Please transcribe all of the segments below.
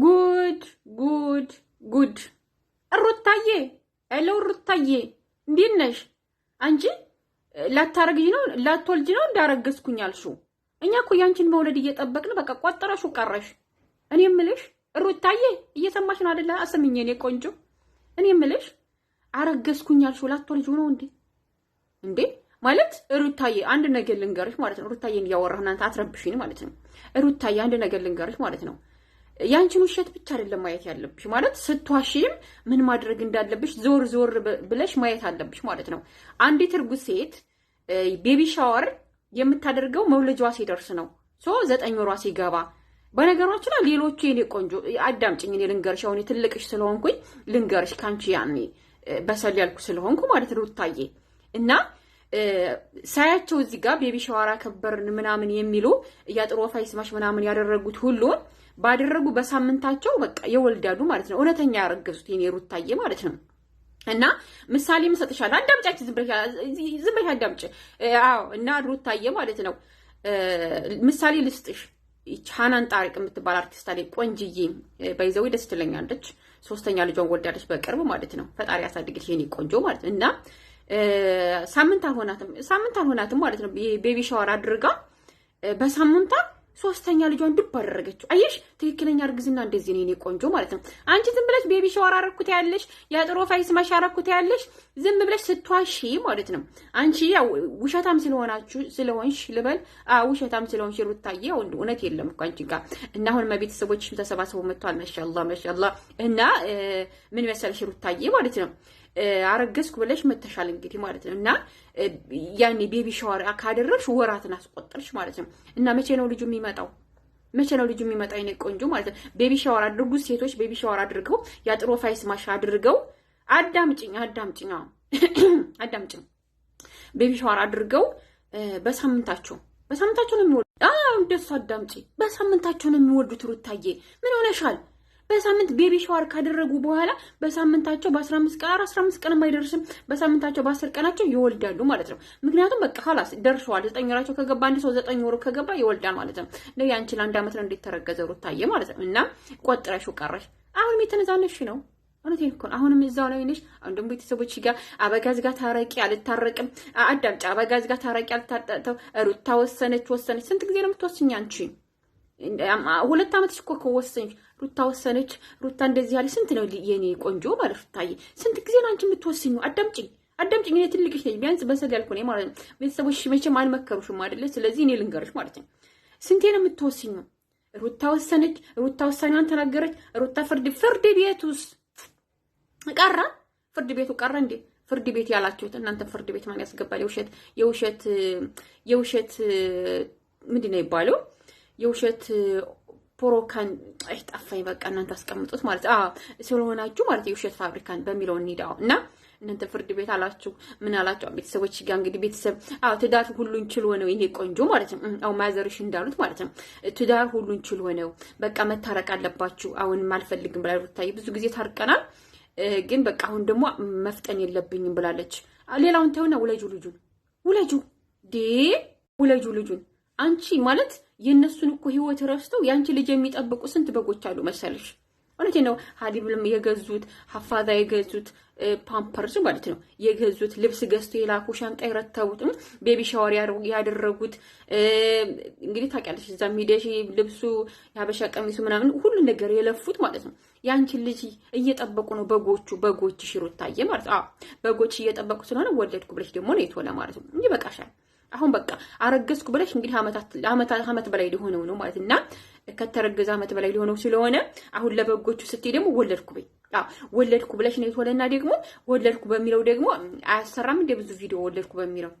ጉድ ጉድ ጉድ! እሩታዬ ሄሎ፣ እሩታዬ እንዴት ነሽ? አንቺ ላታረግጂ ነው ላትወልጂ ነው እንዳረገዝኩኝ አልሽው። እኛ እኮ ያንቺን መውለድ እየጠበቅን በቃ ቆጠረሽው ቀረሽ። እኔ እምልሽ እሩታዬ እየሰማሽ ነው አይደለ? አሰምኝ የኔ ቆንጆ። እኔ እምልሽ አረገዝኩኝ አልሽው ላትወልጂው ነው እንዴ? እንዴ ማለት ሩታዬ አንድ ነገር ልንገርሽ ማለት ነው። ሩታዬን እያወራህ እናንተ አትረብሽኝ ማለት ነው። ሩታዬ አንድ ነገር ልንገርሽ ማለት ነው። ያንቺን ውሸት ብቻ አይደለም ማየት ያለብሽ። ማለት ስትዋሽም ምን ማድረግ እንዳለብሽ ዞር ዞር ብለሽ ማየት አለብሽ ማለት ነው። አንዲት እርጉዝ ሴት ቤቢ ሻወር የምታደርገው መውለጃዋ ሲደርስ ነው። ሶ ዘጠኝ ወሯ ሲገባ በነገሯችን ላይ ሌሎቹ የኔ ቆንጆ አዳምጭኝ፣ እኔ ልንገርሽ፣ አሁን ትልቅሽ ስለሆንኩኝ ልንገርሽ፣ ከአንቺ ያኔ በሰል ያልኩ ስለሆንኩ ማለት ነው ታዬ እና ሳያቸው እዚህ ጋር ቤቢ ሸዋራ ከበርን ምናምን የሚሉ እያጥሮ ፋይስ ማሽ ምናምን ያደረጉት ሁሉ ባደረጉ በሳምንታቸው በቃ የወልዳሉ ማለት ነው። እውነተኛ ያረገዙት የኔ ሩታዬ ማለት ነው። እና ምሳሌም ምሰጥሻለሁ። አዳምጫችን ዝም ብለሽ አዳምጪ። አዎ። እና ሩታዬ ማለት ነው ምሳሌ ልስጥሽ። ቻናን ጣሪቅ የምትባል አርቲስት አለ ቆንጅዬ በይዘዊ ደስ ትለኛለች። ሶስተኛ ልጇን ወልዳለች በቅርብ ማለት ነው። ፈጣሪ ያሳድግልሽ የኔ ቆንጆ ማለት ነው እና ሳምንት አልሆናትም ሳምንት አልሆናትም ማለት ነው። ቤቢ ሻወር አድርጋ በሳምንቷ ሶስተኛ ልጇን ድብ አደረገችው። አየሽ፣ ትክክለኛ እርግዝና እንደዚህ ነው የኔ ቆንጆ ማለት ነው። አንቺ ዝም ብለሽ ቤቢ ሻወር አረኩት ያለሽ የአጥሮ ፋይስ ማሽ አረኩት ያለሽ ዝም ብለሽ ስትዋሺ ማለት ነው። አንቺ ውሸታም ስለሆናችሁ ስለሆንሽ ልበል፣ ውሸታም ስለሆንሽ ሩታዬ፣ እውነት የለም እኮ አንቺ ጋር እና አሁን ቤተሰቦችሽም ተሰባስበው መጥተዋል። ማሻላ ማሻላ። እና ምን መሰለሽ ሩታዬ ማለት ነው አረገዝኩ ብለሽ መተሻል እንግዲህ ማለት ነው እና ያኔ ቤቢ ሻወር ካደረግሽ ወራትን አስቆጠርሽ ማለት ነው እና መቼ ነው ልጁ የሚመጣው? መቼ ነው ልጁ የሚመጣው? የኔ ቆንጆ ማለት ነው። ቤቢ ሻወር አድርጉ ሴቶች፣ ቤቢ ሻወር አድርገው የአጥሮፋይስ ማሽ አድርገው አዳምጭኝ፣ አዳምጭኝ፣ አዳምጭኝ። ቤቢ ሻወር አድርገው በሳምንታቸው በሳምንታቸው ነው የሚወዱ እንደሱ አዳምጪ። በሳምንታቸው ነው የሚወዱት። ሩታዬ ምን ሆነሻል? በሳምንት ቤቢ ሸዋር ካደረጉ በኋላ በሳምንታቸው በ15 ቀን 15 ቀን አይደርስም በሳምንታቸው በ10 ቀናቸው ይወልዳሉ ማለት ነው። ምክንያቱም በቃ ኋላስ ደርሰዋል። ዘጠኝ ወራቸው ከገባ አንድ ሰው ዘጠኝ ወሩ ከገባ ይወልዳል ማለት ነው። አንቺ ለአንድ አመት ነው እንደተረገዘ ሩት ታየ ማለት ነው። እና ቆጥረሽው ቀረሽ። አሁንም የተነዛነሽ ነው። እውነቴን እኮ አሁንም እዛው ላይ ነሽ። አሁን ቤተሰቦች ጋር አበጋዝ ጋር ታረቂ አልታረቅም። አዳምጪ፣ አበጋዝ ጋር ታረቂ አልታጠተው ሩታ ወሰነች ወሰነች። ስንት ጊዜ ነው የምትወስኝ አንቺ? ሁለት ዓመት እኮ ከወሰኝ ሩታ ወሰነች። ሩታ እንደዚህ ያለ ስንት ነው የኔ ቆንጆ ማለት ሩታዬ፣ ስንት ጊዜ ነው አንቺ የምትወስኙ? አዳምጪኝ አዳምጪኝ። እኔ ትልቅሽ ነኝ፣ ቢያንስ በሰል ያልኩ ነኝ ማለት ነው። ቤተሰቦች መቼም አልመከሩሽም አይደለ? ስለዚህ እኔ ልንገርሽ ማለት ነው። ስንቴ ነው የምትወስኙ? ሩታ ወሰነች፣ ሩታ ውሳኔዋን ተናገረች። ሩታ ፍርድ ፍርድ ቤቱስ ቀራ? ፍርድ ቤቱ ቀራ እንዴ? ፍርድ ቤት ያላችሁት እናንተ ፍርድ ቤት ማን ያስገባል? የውሸት የውሸት የውሸት ምንድን ነው ይባለው የውሸት ፖሮካን አይ ጠፋኝ። በቃ እናንተ አስቀምጡት ማለት ስለሆናችሁ ማለት የውሸት ፋብሪካን በሚለው እንሂዳው እና እናንተ ፍርድ ቤት አላችሁ ምን አላችሁ ቤተሰቦች ጋር እንግዲህ ቤተሰብ ትዳር ሁሉን ችል ሆነው ይሄ ቆንጆ ማለት ነው። ማዘርሽ እንዳሉት ማለት ነው። ትዳር ሁሉን ችል ሆነው በቃ መታረቅ አለባችሁ። አሁን አልፈልግም ብላ ብታይ ብዙ ጊዜ ታርቀናል፣ ግን በቃ አሁን ደግሞ መፍጠን የለብኝም ብላለች። ሌላውን ተውና ውለጁ ልጁን ውለጁ ዴ ውለጁ ልጁን አንቺ ማለት የእነሱን እኮ ህይወት ረስተው ያንቺ ልጅ የሚጠብቁ ስንት በጎች አሉ መሰለሽ። እውነቴ ነው። ሀሊብም የገዙት ሀፋዛ የገዙት ፓምፐርስ ማለት ነው የገዙት ልብስ ገዝቶ የላኩ ሻንጣ የረተቡት ቤቢ ሻወር ያደረጉት እንግዲህ ታውቂያለሽ፣ እዛ ሚዲያ ልብሱ የሀበሻ ቀሚሱ ምናምን ሁሉ ነገር የለፉት ማለት ነው። ያንቺን ልጅ እየጠበቁ ነው በጎቹ በጎች ሽሮታየ ማለት ነው። በጎች እየጠበቁ ስለሆነ ወለድኩ ብለሽ ደግሞ ነው የተወለ ማለት ነው። ይበቃሻል። አሁን በቃ አረገዝኩ ብለሽ እንግዲህ አመት በላይ ሊሆነው ነው ማለት እና ከተረገዘ አመት በላይ ሊሆነው ስለሆነ አሁን ለበጎቹ ስትይ ደግሞ ወለድኩ በይ። ወለድኩ ብለሽ ነው የተወለና ደግሞ ወለድኩ በሚለው ደግሞ አያሰራም እንደ ብዙ ቪዲዮ ወለድኩ በሚለው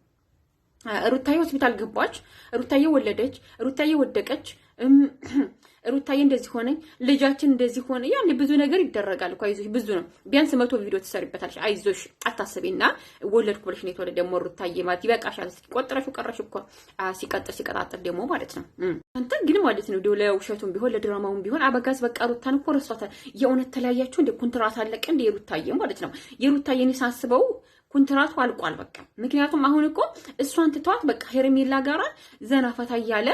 ሩታዬ ሆስፒታል ገባች፣ ሩታዬ ወለደች፣ ሩታዬ ወደቀች ሩታዬ እንደዚህ ሆነኝ፣ ልጃችን እንደዚህ ሆነ፣ ያን ብዙ ነገር ይደረጋል እኮ አይዞሽ፣ ብዙ ነው። ቢያንስ መቶ ቪዲዮ ትሰሪበታለሽ። አይዞሽ፣ አታስቢ። እና ወለድኩ ብለሽ ነው የተወለደ ደግሞ ሩታዬ ማለት ይበቃሻል። ሲቆጥረሽ ቀረሽ እኮ ሲቀጥር ሲቀጣጥር ደግሞ ማለት ነው። አንተ ግን ማለት ነው ለውሸቱም ቢሆን ለድራማውም ቢሆን አበጋዝ በቃ ሩታን እኮ ረሷታል። የእውነት ተለያያችሁ እንደ ኮንትራት አለቀ እንደ የሩታዬ ማለት ነው። የሩታዬን ሳስበው ኮንትራቱ አልቋል በቃ። ምክንያቱም አሁን እኮ እሷን ትተዋት በቃ ሄርሜላ ጋራ ዘና ፈታ እያለ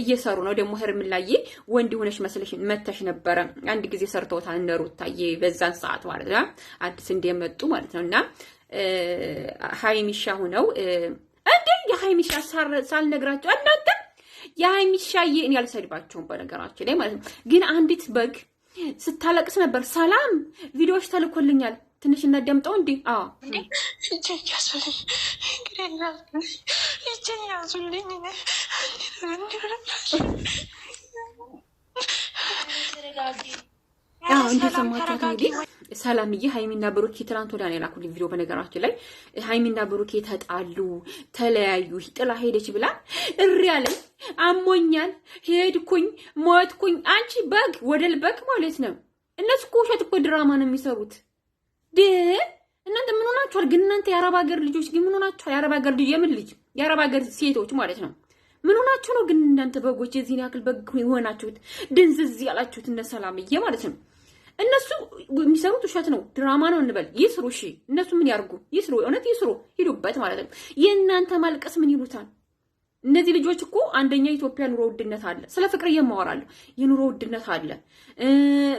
እየሰሩ ነው። ደግሞ ህርምላዬ ወንድ ሆነሽ መስለሽ መተሽ ነበረ አንድ ጊዜ ሰርተውታል እነ ሩታዬ በዛን ሰዓት ማለት ነው። አዲስ እንደመጡ ማለት ነው እና ሀይሚሻ ሁነው እንዴ የሀይሚሻ ሳልነግራቸው እናንተ የሀይሚሻዬ እኔ አልሰድባቸውም በነገራችን ላይ ማለት ነው። ግን አንዲት በግ ስታለቅስ ነበር። ሰላም ቪዲዮዎች ተልኮልኛል። ትንሽ እናደምጠው እንዲ እጄ ያዙልኝ፣ እንደሰማችሁት እንግዲህ ሰላምዬ ሀይሚና ብሩኬ ትናንት ወዲያ ነው የላኩልኝ ቪዲዮ። በነገራችን ላይ ሀይሚና ብሩኬ ተጣሉ፣ ተለያዩ፣ ጥላ ሄደች ብላ እሪ አለኝ። አሞኛል፣ ሄድኩኝ፣ ሞትኩኝ። አንቺ በግ ወደል በግ ማለት ነው። እነሱ እኮ ውሸት እኮ ድራማ ነው የሚሰሩት። ድ እናንተ ምን ሆናችኋል ግን? እናንተ የአረብ ሀገር ልጆች ግን ምን ሆናችኋል? የአረብ ሀገር ልጅ የምን ልጅ የአረብ ሀገር ሴቶች ማለት ነው ምን ሆናችሁ ነው ግን እናንተ በጎች የዚህን ያክል በግ የሆናችሁት? ድንዝዝ ያላችሁት እነ ሰላምዬ ማለት ነው። እነሱ የሚሰሩት ውሸት ነው፣ ድራማ ነው እንበል። ይስሩ፣ እሺ፣ እነሱ ምን ያርጉ? ይስሩ፣ እውነት ይስሩ፣ ሂዱበት ማለት ነው። የእናንተ ማልቀስ ምን ይሉታል? እነዚህ ልጆች እኮ አንደኛ ኢትዮጵያ ኑሮ ውድነት አለ። ስለ ፍቅር የማወራለሁ። የኑሮ ውድነት አለ፣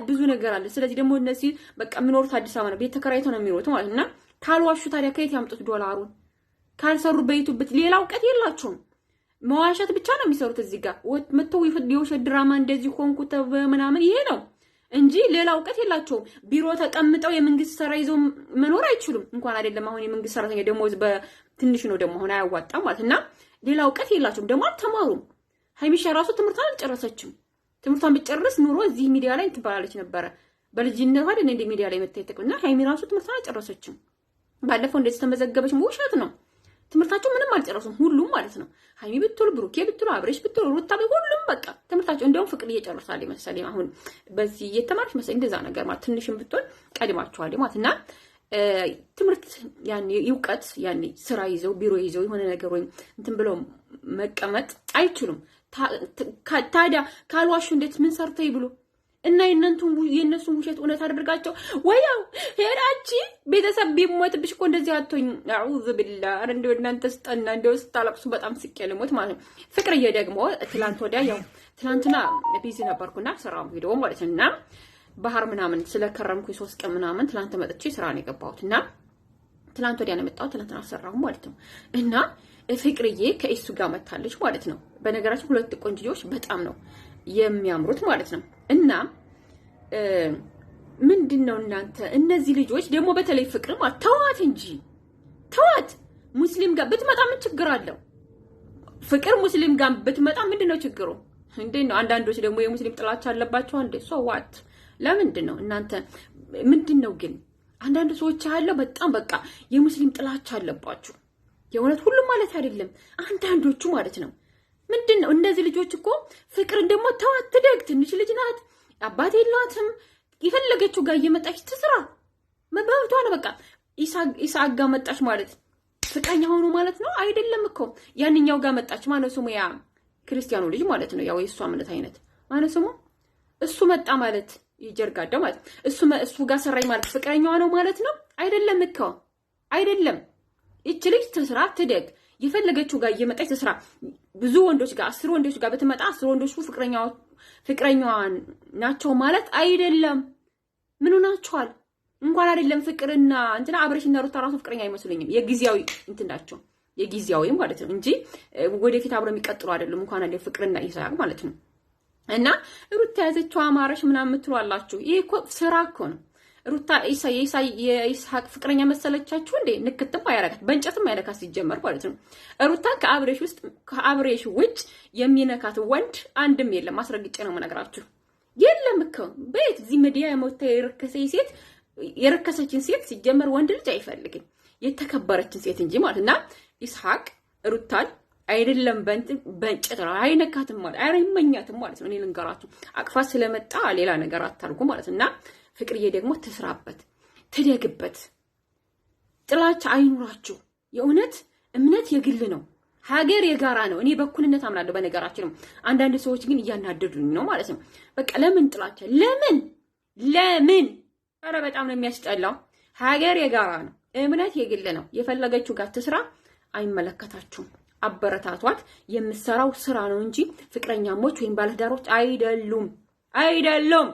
ብዙ ነገር አለ። ስለዚህ ደግሞ እነዚህ በቃ የሚኖሩት አዲስ አበባ ነው፣ ቤት ተከራይቶ ነው የሚኖሩት ማለት እና ካልዋሹ ታዲያ ከየት ያምጡት ዶላሩን? ካልሰሩ በይቱበት ሌላ እውቀት የላቸውም። መዋሸት ብቻ ነው የሚሰሩት። እዚህ ጋር መጥተው የውሸት ድራማ እንደዚህ ሆንኩ ምናምን ይሄ ነው እንጂ ሌላ እውቀት የላቸውም። ቢሮ ተቀምጠው የመንግስት ሰራ ይዘው መኖር አይችሉም። እንኳን አይደለም አሁን የመንግስት ሰራተኛ ደሞዝ በትንሽ ነው ደግሞ አሁን አያዋጣም ማለት እና ሌላ እውቀት የላቸውም። ደግሞ አልተማሩም። ሀይሚሻ ራሱ ትምህርቷን አልጨረሰችም። ትምህርቷን ብጨርስ ኑሮ እዚህ ሚዲያ ላይ ትባላለች ነበረ። በልጅነት አይደል እንደ ሚዲያ ላይ መታየት እና ሀይሚ ራሱ ትምህርቷን አልጨረሰችም። ባለፈው እንደዚህ ተመዘገበች ውሸት ነው። ትምህርታቸው ምንም አልጨረሱም፣ ሁሉም ማለት ነው። ሀይሚ ብትል፣ ብሩኬ ብትል፣ አብሬሽ ብትል፣ ሩታ ሁሉም በቃ ትምህርታቸው እንዲያውም ፍቅር እየጨርሳል መሰለ አሁን በዚህ እየተማረች መሰለኝ እንደዛ ነገር ማለት ትንሽም ብትሆን ቀድማቸዋል ማለት እና ትምህርት ያኔ እውቀት ያኔ ስራ ይዘው ቢሮ ይዘው የሆነ ነገር ወይም እንትን ብለው መቀመጥ አይችሉም። ታዲያ ካልዋሹ እንዴት ምን ሰርተይ ይብሉ? እና የእናንቱን የእነሱን ውሸት እውነት አድርጋቸው ወያው ሄዳቺ ቤተሰብ ቢሞትብሽ እኮ እንደዚህ አቶኝ አዑዙ ብላ እንዲ እናንተ ስጠና እንዲ ስታለቅሱ በጣም ስቄ ልሞት ማለት ነው። ፍቅርዬ ደግሞ ትላንት ወዲያ ያው ትላንትና ቢዚ ነበርኩና ስራ ሄደ ማለት እና ባህር ምናምን ስለከረምኩ የሶስት ቀን ምናምን ትላንት መጥቼ ስራ ነው የገባሁት እና ትላንት ወዲያ ነው የመጣሁት። ትላንትና አሰራሁ ማለት ነው እና ፍቅርዬ ከእሱ ጋር መታለች ማለት ነው። በነገራችን ሁለት ቆንጅዮች በጣም ነው የሚያምሩት ማለት ነው። እና ምንድን ነው እናንተ እነዚህ ልጆች ደግሞ በተለይ ፍቅር ማለት ተዋት እንጂ ተዋት። ሙስሊም ጋር ብትመጣ ምን ችግር አለው? ፍቅር ሙስሊም ጋር ብትመጣ ምንድን ነው ችግሩ? እንዴት ነው? አንዳንዶች ደግሞ የሙስሊም ጥላቻ አለባቸው። አንዴ ሶ ዋት ለምንድን ነው እናንተ ምንድን ነው ግን አንዳንድ ሰዎች ያለው በጣም በቃ የሙስሊም ጥላቻ አለባችሁ። የእውነት ሁሉም ማለት አይደለም፣ አንዳንዶቹ ማለት ነው። ምንድን ነው እንደዚህ? ልጆች እኮ ፍቅርን ደግሞ ተዋት፣ ትደግ፣ ትንሽ ልጅ ናት፣ አባት የሏትም። የፈለገችው ጋር እየመጣች ትስራ፣ መብቷ ነው። በቃ ኢሳቅ ጋር መጣች ማለት ፍቅረኛ ሆኖ ማለት ነው። አይደለም እኮ ያንኛው ጋር መጣች ማለት ስሙ፣ ያ ክርስቲያኑ ልጅ ማለት ነው። ያው የእሷ እምነት አይነት ማለት ስሙ፣ እሱ መጣ ማለት ይጀርጋደው ማለት እሱ እሱ ጋር ሰራኝ ማለት ፍቅረኛዋ ነው ማለት ነው። አይደለም እኮ አይደለም። ይቺ ልጅ ትስራ፣ ትደግ፣ የፈለገችው ጋር እየመጣች ትስራ። ብዙ ወንዶች ጋር አስር ወንዶች ጋር ብትመጣ አስር ወንዶች ፍቅረኛዋን ናቸው ማለት አይደለም። ምኑ ናቸዋል? እንኳን አይደለም ፍቅርና እንትና አብረሽና ሩታ ራሱ ፍቅረኛ አይመስለኝም። የጊዜያዊ እንትን ናቸው የጊዜያዊ ማለት ነው እንጂ ወደፊት አብረው የሚቀጥሉ አይደሉም። እንኳን አይደለም ፍቅርና ይሳቅ ማለት ነው። እና ሩታ ያዘችው አማረሽ ምናምን የምትሉ አላችሁ። ይሄ እኮ ስራ እኮ ነው። ሩታ የይስሐቅ ፍቅረኛ መሰለቻችሁ እንዴ? ንክትም አያረጋት በእንጨትም አይነካት ሲጀመር ማለት ነው። ሩታ ከአብሬሽ ውስጥ ከአብሬሽ ውጭ የሚነካት ወንድ አንድም የለም። አስረግጬ ነው የምነግራችሁ። የለም እኮ በየት እዚህ ሚዲያ የሞታ የረከሰ ሴት የረከሰችን ሴት ሲጀመር ወንድ ልጅ አይፈልግም። የተከበረችን ሴት እንጂ ማለት እና ይስሐቅ ሩታን አይደለም በእንጨት አይነካትም ማለት አይመኛትም ማለት ነው። እኔ ልንገራችሁ አቅፋት ስለመጣ ሌላ ነገር አታርጉ ማለት እና ፍቅርዬ ደግሞ ትስራበት፣ ትደግበት። ጥላቻ አይኑራችሁ። የእውነት እምነት የግል ነው፣ ሀገር የጋራ ነው። እኔ በኩልነት አምናለሁ። በነገራችን ነው። አንዳንድ ሰዎች ግን እያናደዱኝ ነው ማለት ነው። በቃ ለምን ጥላቻ? ለምን ለምን? ኧረ በጣም ነው የሚያስጠላው። ሀገር የጋራ ነው፣ እምነት የግል ነው። የፈለገችው ጋር ትስራ፣ አይመለከታችሁም። አበረታቷት። የምትሰራው ስራ ነው እንጂ ፍቅረኛሞች ወይም ባለትዳሮች አይደሉም አይደሉም።